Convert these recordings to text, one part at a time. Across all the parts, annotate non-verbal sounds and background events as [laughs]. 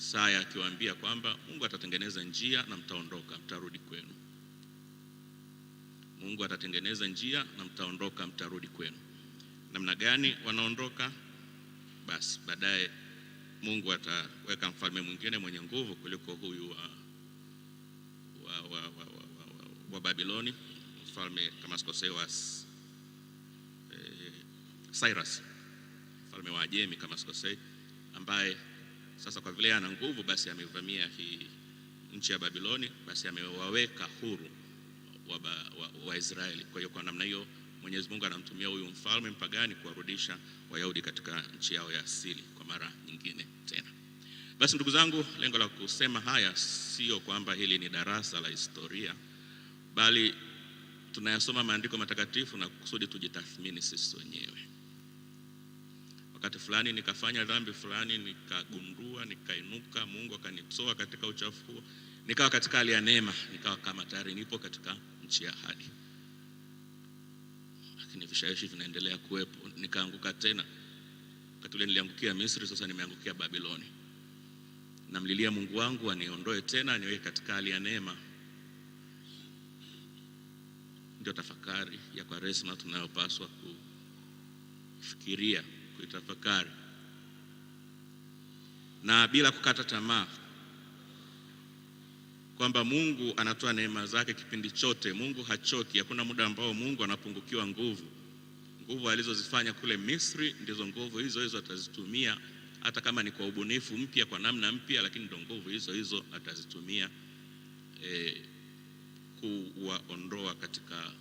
Isaya akiwaambia kwamba Mungu atatengeneza njia na mtaondoka, mtarudi kwenu. Mungu atatengeneza njia na mtaondoka, mtarudi kwenu. Namna gani wanaondoka? Basi baadaye Mungu ataweka mfalme mwingine mwenye nguvu kuliko huyu wa, wa, wa, wa, wa, wa, wa, wa Babiloni, mfalme kama sikosei wa eh, Cyrus, mfalme wa Ajemi kama sikosei, ambaye sasa kwa vile ana nguvu, basi amevamia hii nchi ya Babiloni, basi amewaweka huru Waisraeli wa, wa kwa hiyo kwa namna hiyo Mwenyezi Mungu anamtumia huyu mfalme mpagani kuwarudisha Wayahudi katika nchi yao ya asili kwa mara nyingine tena. Basi ndugu zangu, lengo la kusema haya sio kwamba hili ni darasa la historia, bali tunayasoma maandiko matakatifu na kusudi tujitathmini sisi wenyewe wakati fulani nikafanya dhambi fulani, nikagundua, nikainuka, Mungu akanitoa katika uchafu huo, nikawa katika hali ya neema, nikawa kama tayari nipo katika nchi ya ahadi, lakini vishawishi vinaendelea kuwepo. Nikaanguka tena, wakati ule niliangukia Misri, sasa nimeangukia Babiloni. Namlilia Mungu wangu aniondoe tena, aniweke katika hali ya neema. Ndio tafakari ya Kwaresma tunayopaswa kufikiria kuitafakari na bila kukata tamaa kwamba Mungu anatoa neema zake kipindi chote. Mungu hachoki, hakuna muda ambao Mungu anapungukiwa nguvu. Nguvu alizozifanya kule Misri ndizo nguvu hizo hizo atazitumia, hata kama ni kwa ubunifu mpya, kwa namna mpya, lakini ndo nguvu hizo hizo atazitumia e, kuwaondoa katika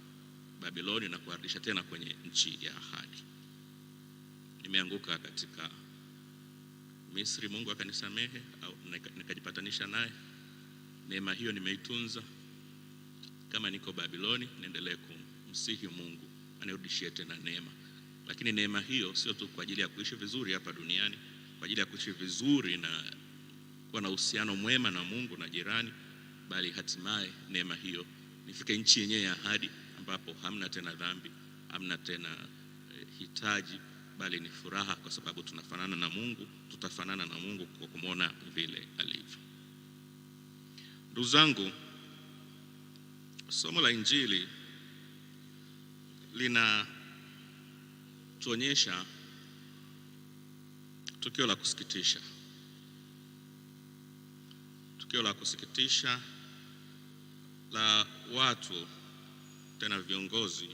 Babiloni na kuwarudisha tena kwenye nchi ya ahadi nimeanguka katika Misri, Mungu akanisamehe au nikajipatanisha naye. Neema hiyo nimeitunza. Kama niko Babiloni, niendelee kumsihi Mungu anirudishie tena neema. Lakini neema hiyo sio tu kwa ajili ya kuishi vizuri hapa duniani, kwa ajili ya kuishi vizuri na kuwa na uhusiano mwema na Mungu na jirani, bali hatimaye neema hiyo nifike nchi yenyewe ya ahadi, ambapo hamna tena dhambi, hamna tena eh, hitaji bali ni furaha, kwa sababu tunafanana na Mungu, tutafanana na Mungu kwa kumwona vile alivyo. Ndugu zangu, somo la Injili linatuonyesha tukio la kusikitisha, tukio la kusikitisha la watu tena viongozi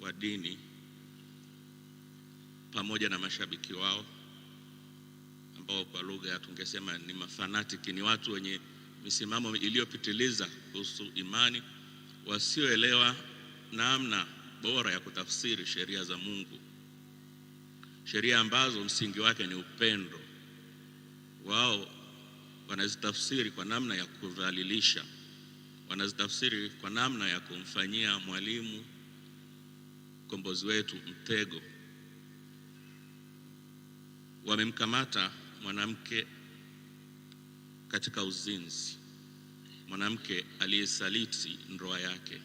wa dini pamoja na mashabiki wao ambao kwa lugha tungesema ni mafanatiki, ni watu wenye misimamo iliyopitiliza kuhusu imani, wasioelewa namna bora ya kutafsiri sheria za Mungu, sheria ambazo msingi wake ni upendo. Wao wanazitafsiri kwa namna ya kudhalilisha, wanazitafsiri kwa namna ya kumfanyia mwalimu mkombozi wetu mtego. Wamemkamata mwanamke katika uzinzi, mwanamke aliyesaliti ndoa yake.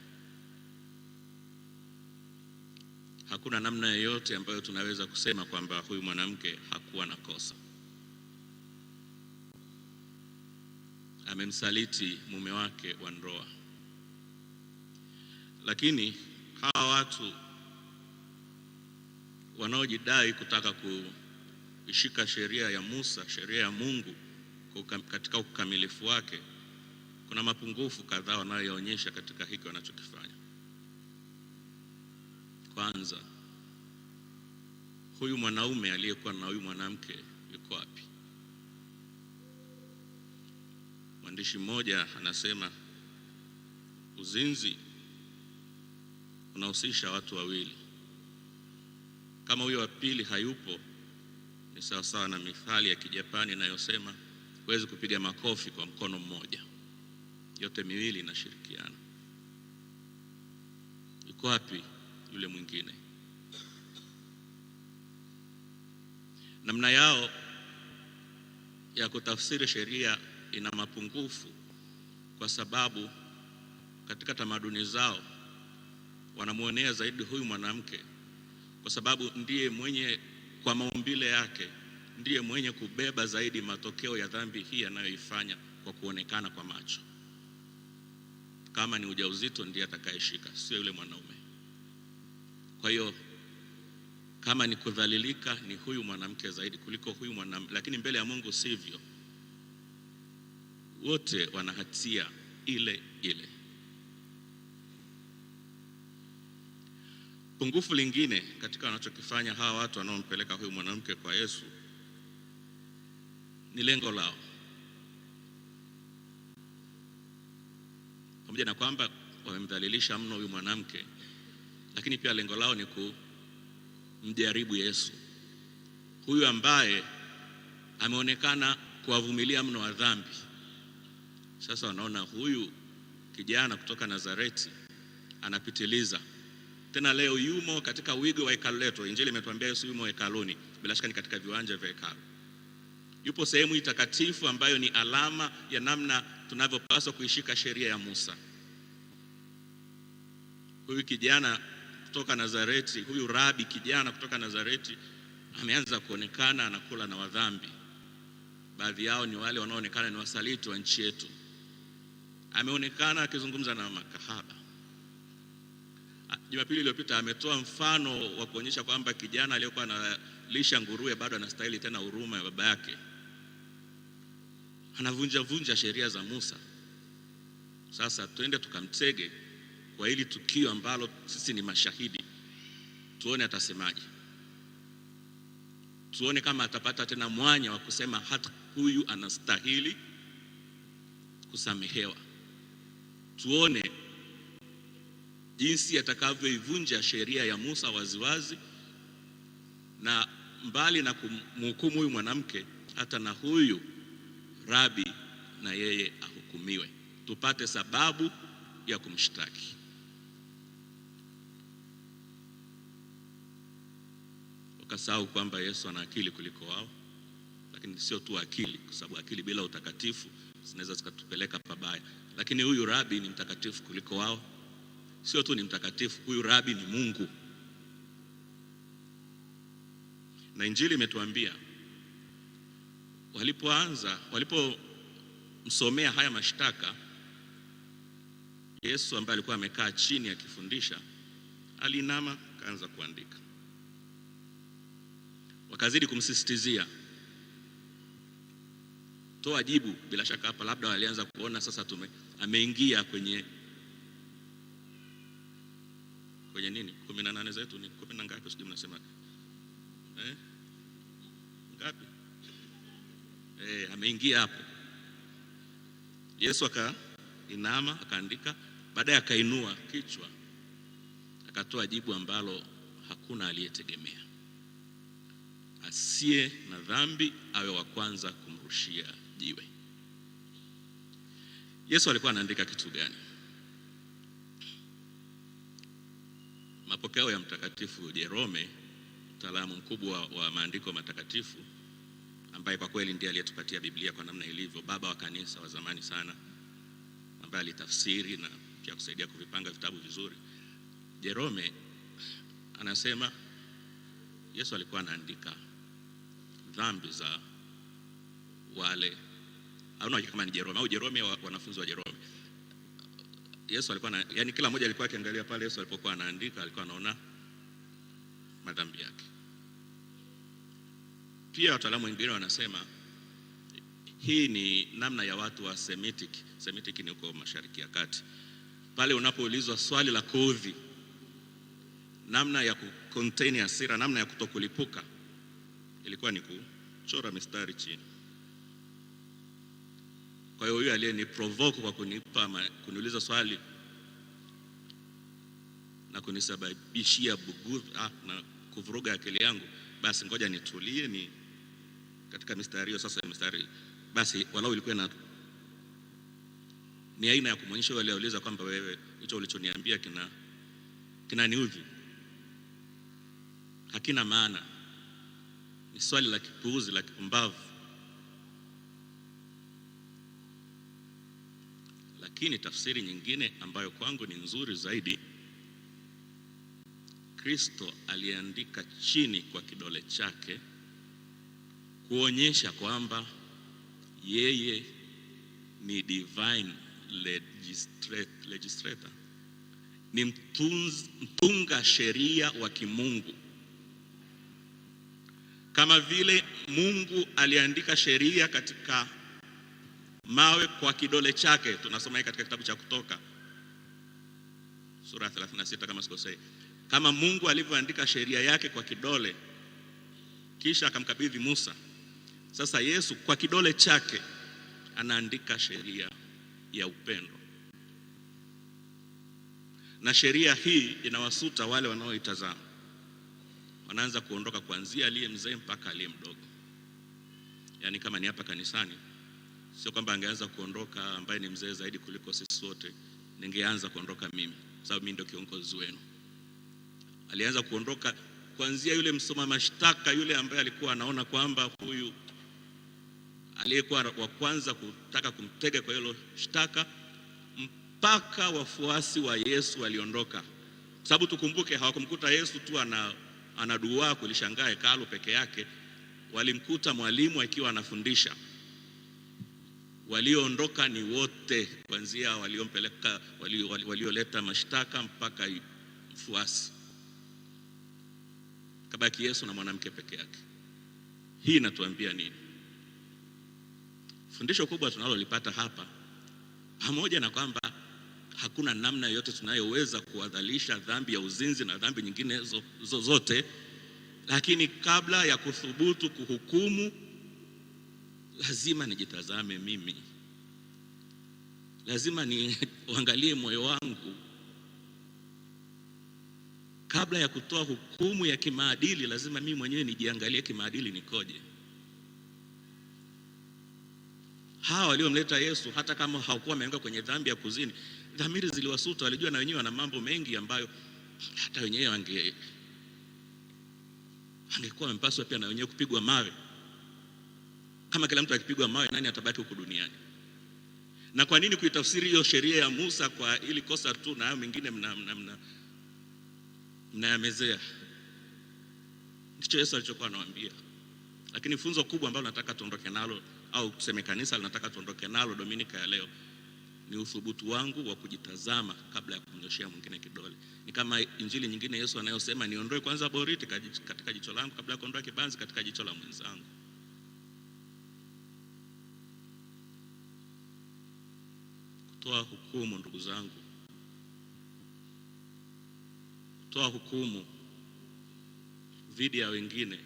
Hakuna namna yoyote ambayo tunaweza kusema kwamba huyu mwanamke hakuwa na kosa. Amemsaliti mume wake wa ndoa, lakini hawa watu wanaojidai kutaka kuishika sheria ya Musa, sheria ya Mungu katika ukamilifu wake, kuna mapungufu kadhaa wanayoonyesha katika hiki wanachokifanya. Kwanza, huyu mwanaume aliyekuwa na huyu mwanamke yuko wapi? Mwandishi mmoja anasema uzinzi unahusisha watu wawili kama huyo wa pili hayupo, ni sawasawa na mithali ya Kijapani inayosema huwezi kupiga makofi kwa mkono mmoja, yote miwili inashirikiana. Yuko wapi yule mwingine? Namna yao ya kutafsiri sheria ina mapungufu, kwa sababu katika tamaduni zao wanamwonea zaidi huyu mwanamke kwa sababu ndiye mwenye kwa maumbile yake ndiye mwenye kubeba zaidi matokeo ya dhambi hii anayoifanya kwa kuonekana kwa macho. Kama ni ujauzito, ndiye atakayeshika, sio yule mwanaume. Kwa hiyo kama ni kudhalilika, ni huyu mwanamke zaidi kuliko huyu mwanamke, lakini mbele ya Mungu sivyo. Wote wana hatia ile ile. Pungufu lingine katika wanachokifanya hawa watu wanaompeleka huyu mwanamke kwa Yesu ni lengo lao, pamoja na kwamba wamemdhalilisha mno huyu mwanamke, lakini pia lengo lao ni kumjaribu Yesu, huyu ambaye ameonekana kuwavumilia mno wa dhambi. Sasa wanaona huyu kijana kutoka Nazareti anapitiliza tena leo yumo katika wigo wa hekalu letu. Injili imetuambia Yesu yumo hekaluni, bila shaka ni katika viwanja vya hekalu. Yupo sehemu takatifu ambayo ni alama ya namna tunavyopaswa kuishika sheria ya Musa. Huyu kijana kutoka Nazareti, huyu rabi kijana kutoka Nazareti ameanza kuonekana anakula na wadhambi. Baadhi yao ni wale wanaoonekana ni wasaliti wa nchi yetu. Ameonekana akizungumza na makahaba Jumapili iliyopita ametoa mfano wa kuonyesha kwamba kijana aliyokuwa analisha nguruwe bado anastahili tena huruma ya baba yake. Anavunja vunja sheria za Musa. Sasa twende tukamtege kwa hili tukio ambalo sisi ni mashahidi, tuone atasemaje, tuone kama atapata tena mwanya wa kusema hata huyu anastahili kusamehewa, tuone jinsi atakavyoivunja sheria ya Musa waziwazi, na mbali na kumhukumu huyu mwanamke, hata na huyu rabi na yeye ahukumiwe, tupate sababu ya kumshtaki. Wakasahau kwamba Yesu ana akili kuliko wao, lakini sio tu akili, kwa sababu akili bila utakatifu zinaweza zikatupeleka pabaya, lakini huyu rabi ni mtakatifu kuliko wao sio tu ni mtakatifu, huyu rabi ni Mungu. Na Injili imetuambia walipoanza, walipomsomea haya mashtaka, Yesu ambaye alikuwa amekaa chini akifundisha, alinama akaanza kuandika. Wakazidi kumsisitizia toa jibu. Bila shaka hapa labda walianza kuona sasa tume, ameingia kwenye kwenye nini kumi na nane zetu ni kumi na ngapi? Sijui mnasema eh? ngapi eh, ameingia hapo. Yesu akainama akaandika, baadaye akainua kichwa akatoa jibu ambalo hakuna aliyetegemea. Asiye na dhambi awe wa kwanza kumrushia jiwe. Yesu alikuwa anaandika kitu gani? Mapokeo ya Mtakatifu Jerome, mtaalamu mkubwa wa maandiko matakatifu, ambaye kwa kweli ndiye aliyetupatia Biblia kwa namna ilivyo, baba wa kanisa wa zamani sana, ambaye alitafsiri na pia kusaidia kuvipanga vitabu vizuri. Jerome anasema Yesu alikuwa anaandika dhambi za wale, hauna kama ni Jerome au Jerome wanafunzi wa Jerome Yesu alikuwa na, yani kila mmoja alikuwa akiangalia pale Yesu alipokuwa anaandika, alikuwa anaona madhambi yake. Pia wataalamu wengine wanasema hii ni namna ya watu wa Semitic. Semitic ni huko Mashariki ya Kati, pale unapoulizwa swali la kuudhi, namna ya kucontain hasira, namna ya kutokulipuka ilikuwa ni kuchora mistari chini. Kwa hiyo huyu aliyeniprovoke kwa kunipa kuniuliza swali na kunisababishia bugudha ah, na kuvuruga akili yangu, basi ngoja nitulie ni katika mistari hiyo. Sasa mistari basi walau ilikuwa na ni aina ya kumwonyesha yule aliyeuliza kwamba wewe hicho ulichoniambia kina kinaniudhi, hakina maana, ni swali la kipuuzi la kipumbavu. Lakini tafsiri nyingine ambayo kwangu ni nzuri zaidi, Kristo aliandika chini kwa kidole chake kuonyesha kwamba yeye ni divine legislator, ni mtunz, mtunga sheria wa kimungu. Kama vile Mungu aliandika sheria katika mawe kwa kidole chake. Tunasoma hii katika kitabu cha Kutoka sura 36 kama sikosei. Kama Mungu alivyoandika sheria yake kwa kidole kisha akamkabidhi Musa, sasa Yesu kwa kidole chake anaandika sheria ya upendo, na sheria hii inawasuta wale wanaoitazama, wanaanza kuondoka kuanzia aliye mzee mpaka aliye mdogo. Yaani kama ni hapa kanisani Sio kwamba angeanza kuondoka ambaye ni mzee zaidi kuliko sisi wote, ningeanza kuondoka mimi, kwa sababu mimi ndio kiongozi wenu. Alianza kuondoka kuanzia yule msoma mashtaka yule ambaye alikuwa anaona kwamba huyu aliyekuwa wa kwanza kutaka kumtega kwa hilo shtaka, mpaka wafuasi wa Yesu waliondoka. Sababu tukumbuke, hawakumkuta Yesu tu ana anaduaa kulishangaa hekalu peke yake, walimkuta mwalimu akiwa anafundisha. Walioondoka ni wote, kuanzia waliompeleka walioleta wali, wali mashtaka mpaka mfuasi. Kabaki Yesu na mwanamke peke yake. Hii inatuambia nini? Fundisho kubwa tunalolipata hapa, pamoja na kwamba hakuna namna yoyote tunayoweza kuadhalisha dhambi ya uzinzi na dhambi nyingine zozote, lakini kabla ya kuthubutu kuhukumu lazima nijitazame mimi, lazima niangalie [laughs] moyo wangu kabla ya kutoa hukumu ya kimaadili. Lazima mimi mwenyewe nijiangalie kimaadili nikoje. Hawa waliomleta Yesu, hata kama hawakuwa wameanguka kwenye dhambi ya kuzini, dhamiri ziliwasuta. Walijua na wenyewe wana mambo mengi ambayo hata wenyewe wange angekuwa wamepaswa pia na wenyewe kupigwa mawe. Kama kila mtu akipigwa mawe, nani atabaki huko duniani? Na kwa nini kuitafsiri hiyo sheria ya Musa kwa ili kosa tu, na hayo mengine mnayamezea? Ndicho Yesu alichokuwa anawaambia. Lakini funzo kubwa ambalo nataka tuondoke nalo, au tuseme kanisa linataka tuondoke nalo dominika ya leo ni uthubutu wangu wa kujitazama kabla ya kumnyoshea mwingine kidole. Ni kama injili nyingine Yesu anayosema, niondoe kwanza boriti katika jicho langu kabla ya kuondoa kibanzi katika jicho la mwenzangu. kutoa hukumu. Ndugu zangu, kutoa hukumu dhidi ya wengine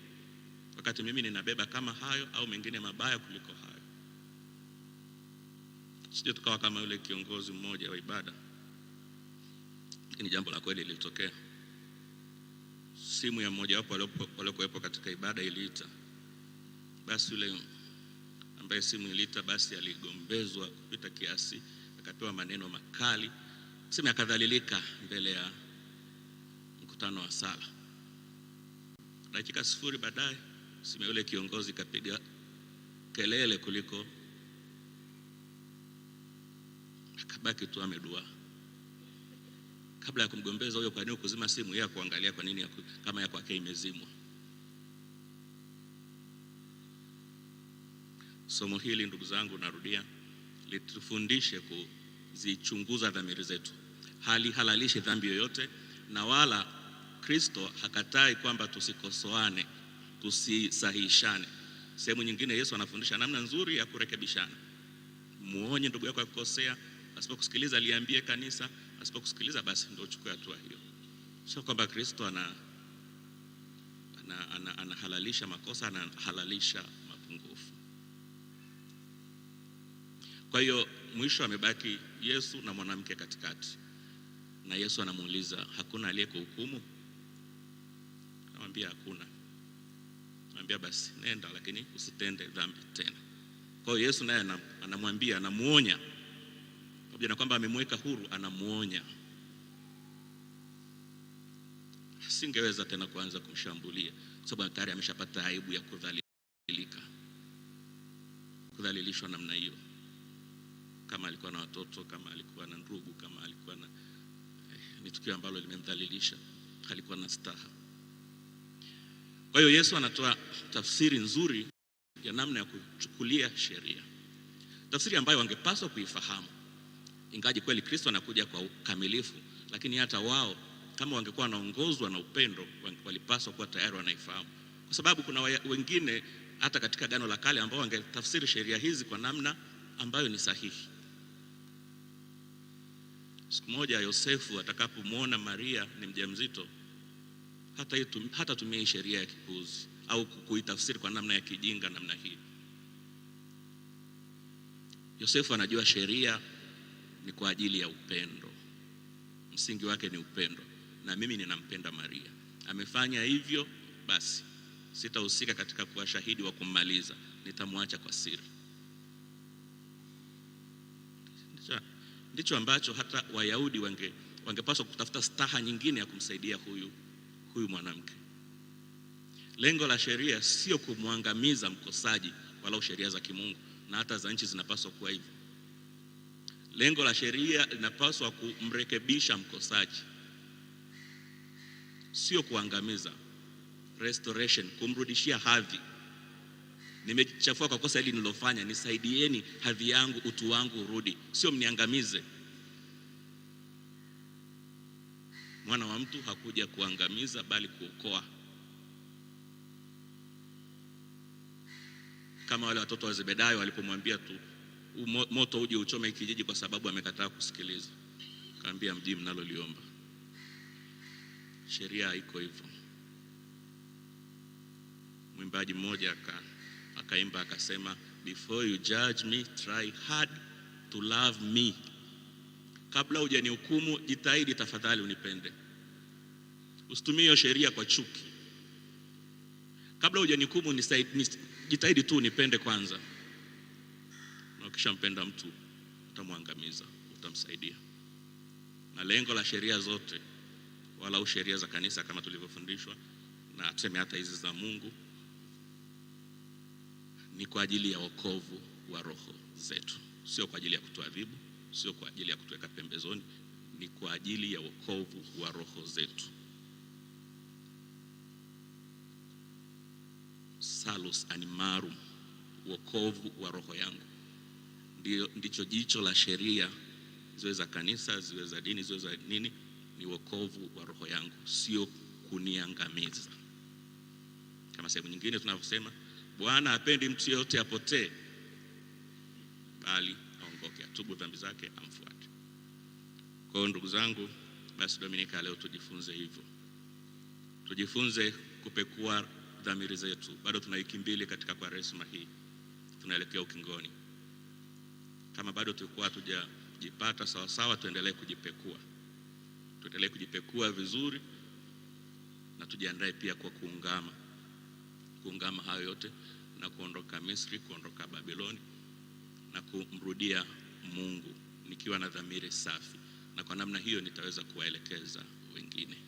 wakati mimi ninabeba kama hayo au mengine mabaya kuliko hayo. Sije tukawa kama yule kiongozi mmoja wa ibada, lakini jambo la kweli lilitokea. Simu ya mmojawapo waliokuwepo katika ibada iliita, basi yule ambaye simu iliita, basi aligombezwa kupita kiasi akatoa maneno makali, tuseme akadhalilika mbele ya mkutano wa sala. Dakika sifuri baadaye, tuseme yule kiongozi kapiga kelele kuliko, akabaki tu amedua kabla ya kumgombeza huyo kwa nini kuzima simu, yeye kuangalia kwa nini kama ya kwake imezimwa. Somo hili ndugu zangu, narudia litufundishe kuzichunguza dhamiri zetu, halalishi dhambi yoyote, na wala Kristo hakatai kwamba tusikosoane, tusisahishane. Sehemu nyingine Yesu anafundisha namna nzuri ya kurekebishana. Muonye ndugu yako akikosea, asipokusikiliza liambie kanisa, asipokusikiliza basi ndio uchukue hatua hiyo. Sio kwamba Kristo ana anahalalisha ana, ana makosa, anahalalisha Kwa hiyo mwisho amebaki Yesu na mwanamke katikati, na Yesu anamuuliza hakuna aliyekuhukumu? Anamwambia hakuna. Anamwambia basi nenda, lakini usitende dhambi tena. Kwa hiyo Yesu naye anamwambia, anamuonya pamoja na kwamba amemweka huru, anamuonya singeweza tena kuanza kumshambulia kwa sababu tayari ameshapata aibu ya kudhalilika, kudhalilishwa namna hiyo kama alikuwa na watoto, kama alikuwa na ndugu, kama alikuwa na eh, ni tukio ambalo limemdhalilisha, alikuwa na staha. Kwa hiyo Yesu anatoa tafsiri nzuri ya namna ya kuchukulia sheria, tafsiri ambayo wangepaswa kuifahamu, ingaji kweli Kristo anakuja kwa ukamilifu, lakini hata wao kama wangekuwa wanaongozwa na upendo walipaswa kuwa tayari wanaifahamu, kwa sababu kuna wengine hata katika gano la Kale ambao wangetafsiri sheria hizi kwa namna ambayo ni sahihi. Siku moja Yosefu atakapomwona Maria ni mjamzito, hata hata tumia sheria ya kipuzi au kuitafsiri kwa namna ya kijinga namna hii. Yosefu anajua sheria ni kwa ajili ya upendo, msingi wake ni upendo, na mimi ninampenda Maria. Amefanya hivyo, basi sitahusika katika kuwa shahidi wa kummaliza, nitamwacha kwa siri. ndicho ambacho hata Wayahudi wange wangepaswa kutafuta staha nyingine ya kumsaidia huyu huyu mwanamke. Lengo la sheria sio kumwangamiza mkosaji, walau sheria za kimungu na hata za nchi zinapaswa kuwa hivyo. Lengo la sheria linapaswa kumrekebisha mkosaji, sio kuangamiza. Restoration, kumrudishia hadhi nimechafua kwa kosa hili nilofanya, nisaidieni, hadhi yangu, utu wangu urudi, sio mniangamize. Mwana wa mtu hakuja kuangamiza, bali kuokoa. Kama wale watoto wa Zebedayo walipomwambia tu moto uje uchome kijiji, kwa sababu amekataa kusikiliza, kaambia mji mnaloliomba. Sheria iko hivyo. Mwimbaji mmoja akaa akaimba akasema, before you judge me try hard to love me, kabla hujanihukumu jitahidi tafadhali unipende. Usitumie hiyo sheria kwa chuki. Kabla hujanihukumu jitahidi tu unipende kwanza, na ukishampenda mtu utamwangamiza, utamsaidia. Na lengo la sheria zote, wala sheria za kanisa kama tulivyofundishwa, na tuseme hata hizi za Mungu ni kwa ajili ya wokovu wa roho zetu, sio kwa ajili ya kutuadhibu, sio kwa ajili ya kutuweka pembezoni, ni kwa ajili ya wokovu wa roho zetu. Salus animarum, wokovu wa roho yangu, ndio ndicho jicho la sheria, ziwe za kanisa, ziwe za dini, ziwe za nini, ni wokovu wa roho yangu, sio kuniangamiza, kama sehemu nyingine tunavyosema Bwana hapendi mtu yote apotee, bali aongoke, atubu dhambi zake, amfuate. Kwa hiyo ndugu zangu, basi Dominika leo tujifunze hivyo, tujifunze kupekua dhamiri zetu. Bado tuna wiki mbili katika Kwaresma hii, tunaelekea ukingoni. Kama bado tulikuwa hatujajipata sawasawa, tuendelee kujipekua, tuendelee kujipekua vizuri na tujiandae pia kwa kuungama kuungama hayo yote na kuondoka Misri, kuondoka Babiloni na kumrudia Mungu nikiwa na dhamiri safi, na kwa namna hiyo nitaweza kuwaelekeza wengine.